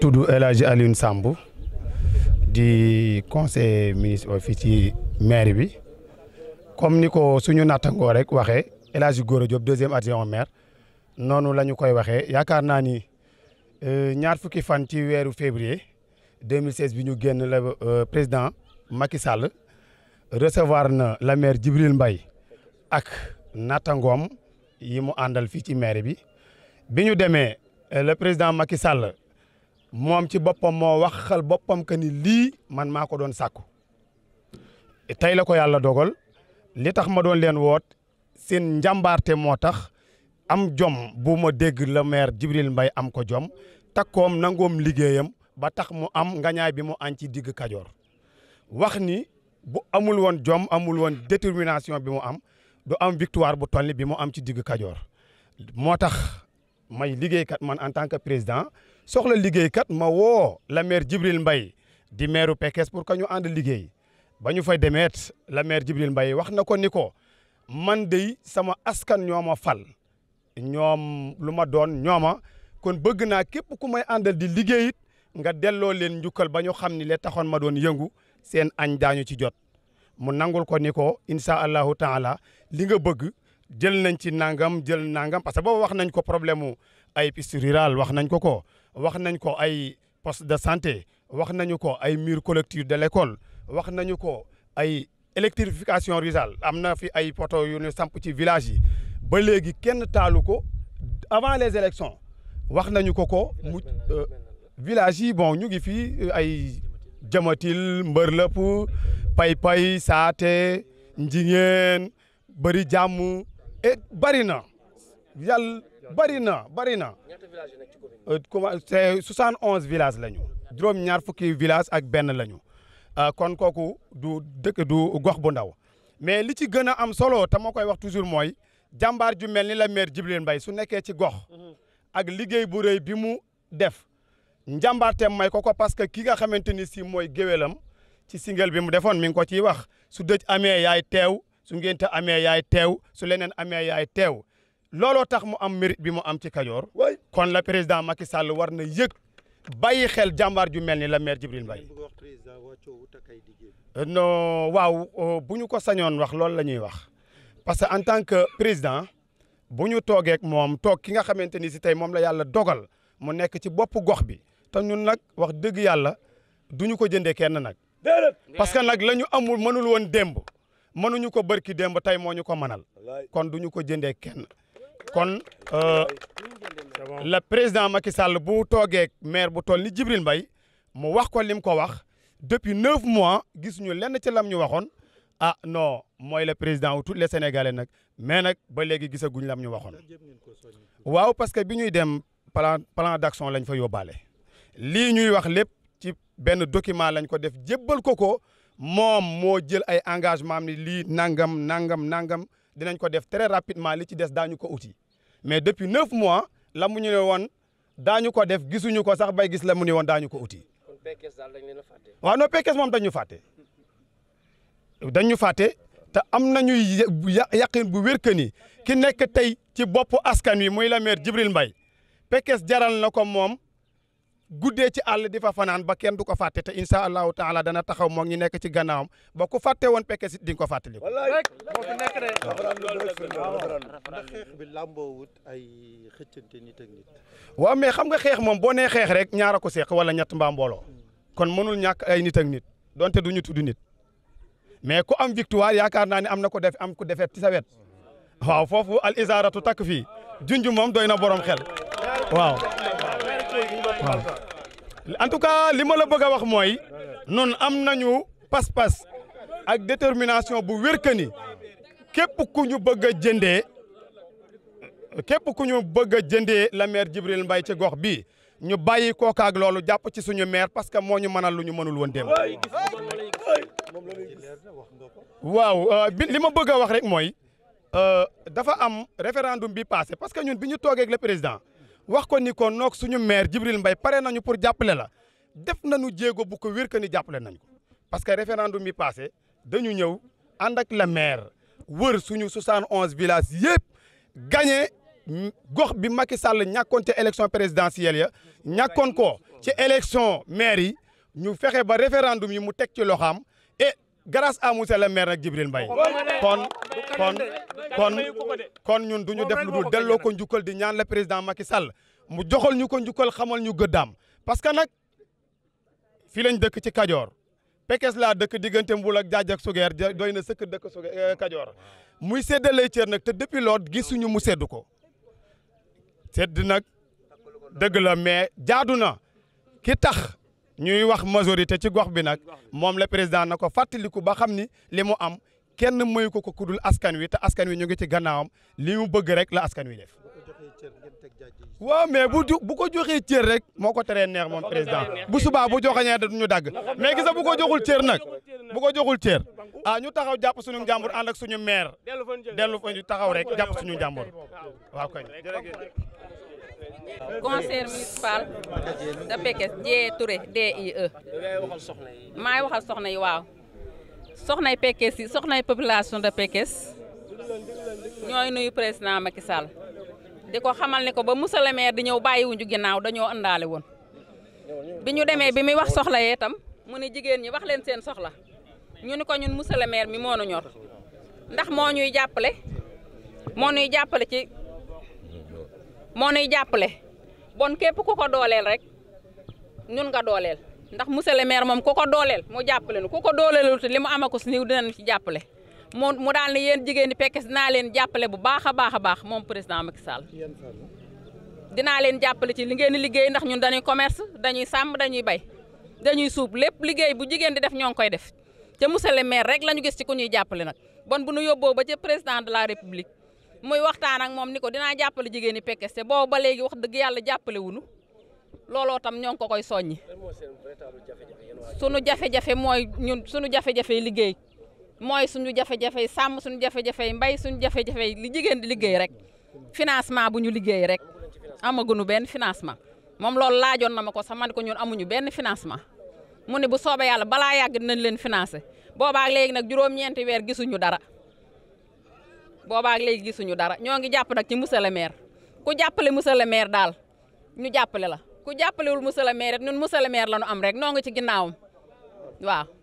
tudd El Hadj Alioune Samb di conseil municipal fii ci maire bi comme ni ko suñu nattangoo rek waxee El Hadj Gora Diop deuxième maire noonu la ñu koy waxee yaakaar naa ni euh, ñaar fukki fan ci weeru février 2016 bi ñu génn la euh, président Macky Sall recevoir na la maire Djibril mbay ak nattangoom yi mu àndal fii ci maire bi bi ñu demee euh, le président Macky Sall moom ci boppam moo waxal boppam que ni lii man maa ko doon sàkku tey la ko yàlla dogal li tax ma doon leen woot seen njàmbaarte moo tax am jom bu ma dégg le maire Djibril Mbaye am ko jom takkoom nangoom liggéeyam ba tax mu am nga ngañaay bi mu an ci digg Kajoor wax ni bu amul woon jom amul woon détermination bi mu am du am victoire bu toll ni bi mu am ci digg Kajoor moo tax may liggéeykat man en tant que président soxla liggéeykat ma woo la maire Djibril Mbaye di maire Pekes pour que ñu ànd liggéey ba ñu fay demeet la maire Djibril Mbaye wax na ko ni ko man de sama askan ñoo ma fal ñoom lu ma doon ñooma kon bëgg naa képp ku may àndal di liggéey nga delloo leen njukkal ba ñu xam ni le taxoon ma doon yëngu seen añ daañu ci jot mu nangul ko ni ko incha allahu taala li nga bëgg jël nañ ci nangam jël nangam parce que boobu wax nañ ko problème mu ay piste rurale wax nañ ko ko wax nañ ko ay poste de santé wax nañu ko ay mur collectif de l' école wax nañu ko ay électrification rurale am na fi ay poto yu ñu samp ci village yi ba léegi kenn taalu ko avant les élections wax nañu ko ko mu village euh, yi bon ñu ngi fii euh, ay jamatil mbërlëpp pay-pay saate njingeen bëri jàmm et bëri na bari na bari na euh, comment c'est soixante onze villages la ñu juróom-ñaar fukki village ak benn la ñu euh, kon kooku du dëkk du gox bu ndaw mais li ci gën a am solo te ma koy wax toujours mooy jàmbaar ju mel ni la maire Djibril Mbaye su nekkee ci gox mhm. ak liggéey bu rëy bi mu def njàmbaarteem may ko ko parce que ki nga xamante ni si mooy géwélam ci single bi mu defoon mi ngi ko ciy wax su dëj amee yaay teew su ngénte amee yaay teew su leneen amee yaay teew looloo tax mu am mérite bi mu am ci Kajoor kon la président Macky Sall war na yëg bàyyi xel jàmbaar ju mel ni la maire Djibril Mbaye euh, non waaw euh, bu ñu ko sañoon wax loolu la ñuy wax parce que en tant que président bu ñu toogeek moom toog ki nga xamante ni si tey moom la yàlla dogal mu nekk ci bopp gox bi te ñu nag wax dëgg yàlla duñu ko jëndee kenn nag parce que nag la ñu amul mënul woon démb mënuñu ko bërki démb tey moo ñu ko mënal kon du ñu ko jëndee kenn kon euh, la président Macky Sall bu toogee maire bu toll ni Djibril Mbaye mu wax ko lim ko wax depuis neuf mois gis ñu lenn ci lam ñu waxoon ah no mooy le président wu tous les sénégalais nag mais nag ba léegi gisaguñ lam ñu waxoon waaw parce que bi ñuy dem plan plan d'action lañ fa yóbbaale lii ñuy wax lépp ci benn document lañ ko def jébbal ko ko moom moo jël ay engagement am ni lii nangam nangam nangam dinañ ko def très rapidement li ci des daañu ko uti mais depuis neuf mois la mu ñu woon daañu ko def gisuñu ko sax bay gis la mu ne woon daañu ko uti. kon PKS daal dañ leen a fàtte. moom dañ ñu dañu dañ ñu fàtte te am nañu yaqin bu wér que ni ki nekk tey ci bopp askan wi muy la maire Djibril Mbaye PKS jaral na ko moom. guddee ci àll di fa fanaan ba kenn du ko fàtte te incha allahu taala dana taxaw moom ñu nekk ci gannaawam ba ku fatte woon pekke si di nga ko fàttali. xeex ay xëccante nit ak waaw mais xam ga xeex moom boo nee xeex rek ñaara ko seq wala ñett mbaa mbooloo kon mënul ñàkk ay nit ak nit donte du ñu tudd nit mais ku am victoire yaakaar naa ne am na ko def am ku defet ci sa wet waaw foofu al isaaratu takk fii junj moom doy na borom xel waaw. waaw en tout cas li ma la bëgg wax mooy noonu am nañu pas-pas ak détermination bu wér que ni képp ku ñu bëgg jëndee képp ku ñu bëgg a jëndee la maire Djibril Mbaye ci gox bi ñu bàyyi kooka ak loolu jàpp ci suñu meer parce que moo ñu mënal lu ñu mënul woon démb. waaw euh, bi li ma bëgg a wax rek mooy euh, dafa am référendum bi passé parce que ñun bi ñu toogee ak le président. wax ko ni ko noog suñu maire Djibril mbay pare nañu pour jàppale la def na nañu jéego bu ko wér que ni jàppale nañ ko parce que référendum bi passé dañu ñëw ànd ak la maire wër suñu 71 villages yëpp gagné gox bi Macky Sall ñàkkoon ci élection présidentielle ya ñàkkoon ko ci élection maire yi ñu fexe ba référendum yi mu teg ci loxaam grace à monsieur le maire nag Djibril Mbaye kon kon kon kon ñun du ñu def lu dul delloo ko njukkal di ñaan le président Macky Sall mu joxal ñu ko njukkal xamal ñu gëddaam parce que nag fii lañ dëkk ci Kajoor Pekes laa dëkk diggante Mbul ak Jaaj ak Sugeer doy na sëkk dëkk Sugeer euh, muy séddale cër te depuis lool gisuñu mu sedd ko sedd nag dëgg la mais jaadu na ki tax ñuy wax majorité ci gox bi nag moom la président na ko fàttaliku ba xam ni li mu am kenn mayu ko ko kudul askan wi te askan wi ñu ngi ci gannaawam li mu bëgg rek la askan wi def. waa mais bu bu ko joxee cër rek moo ko teree neex moom président bu subaa bu joxañee du ñu dagg mais gisa bu ko joxul cër nag bu ko joxul cër a ah, ñu taxaw jàpp suñu njàmbur ànd ak suñu maire dellu fa ñu taxaw rek jàpp suñu njàmbur waaw conseil municipal de Pekes Dieye Touré DIE maay waxal soxna yi waaw soxnay Pekes yi soxnay population de Pekes ñooy nuyu président Macky Sall di ko xamal ne ko ba monsieur le di ñëw bàyyiwuñu ginnaaw dañoo ëndaale woon bi ñu demee bi muy wax soxla yee itam mu ne jigéen ñi wax leen seen soxla ñu ni ko ñun monsieur le mi moo nu ñor ndax moo ñuy jàppale moo ñuy jàppale ci moo nuy jàppale bon képp ku ko dooleel rek ñun nga dooleel ndax monsieur le maire moom ko ko dooleel mu jàppale nu ko dooleelul li mu amakus nii dinañ ci jàppale mu mu daal ne yéen jigéen di pekkes dinaa leen jàppale bu baax a baax a baax moom président Macky Sall dinaa leen jàppale ci li ngeen di liggéey ndax ñun dañuy commerce dañuy sàmm dañuy bay dañuy suub lépp liggéey bu jigéen di def ñoo ngi koy def te monsieur le maire rek la ñu gis ci ku ñuy jàppale nag bon bu nu yóbboo ba ca président la république muy waxtaan ak moom ni ko dinaa jàppale jigéen ñi Pekesse boobu ba léegi wax dëgg yàlla jàppale wuñu looloo tam ñoo ko koy soññi sunu jafe-jafe mooy ñun sunu jafe-jafe liggéey mooy suñu jafe-jafe sàmm suñu jafe-jafe mbay suñu jafe-jafe li jigéen di liggéey rek financement bu ñu liggéey rek amagu amaguñu benn financement moom loolu laajoon na ma ko sax man ko ñun amuñu benn financement mu ne bu soobee yàlla balaa yàgg nañ leen financer boobaa léegi nag juróom-ñeenti weer gisuñu dara. boobaag léegi gisuñu dara ñoo ngi jàpp nag ci monsieur le maire ku jàppale monsieur le maire daal ñu jàppale la ku jàppalewul monsieur le maire it ñun monsieur le maire la ñu am rek noo ngi ci ginnaawam waaw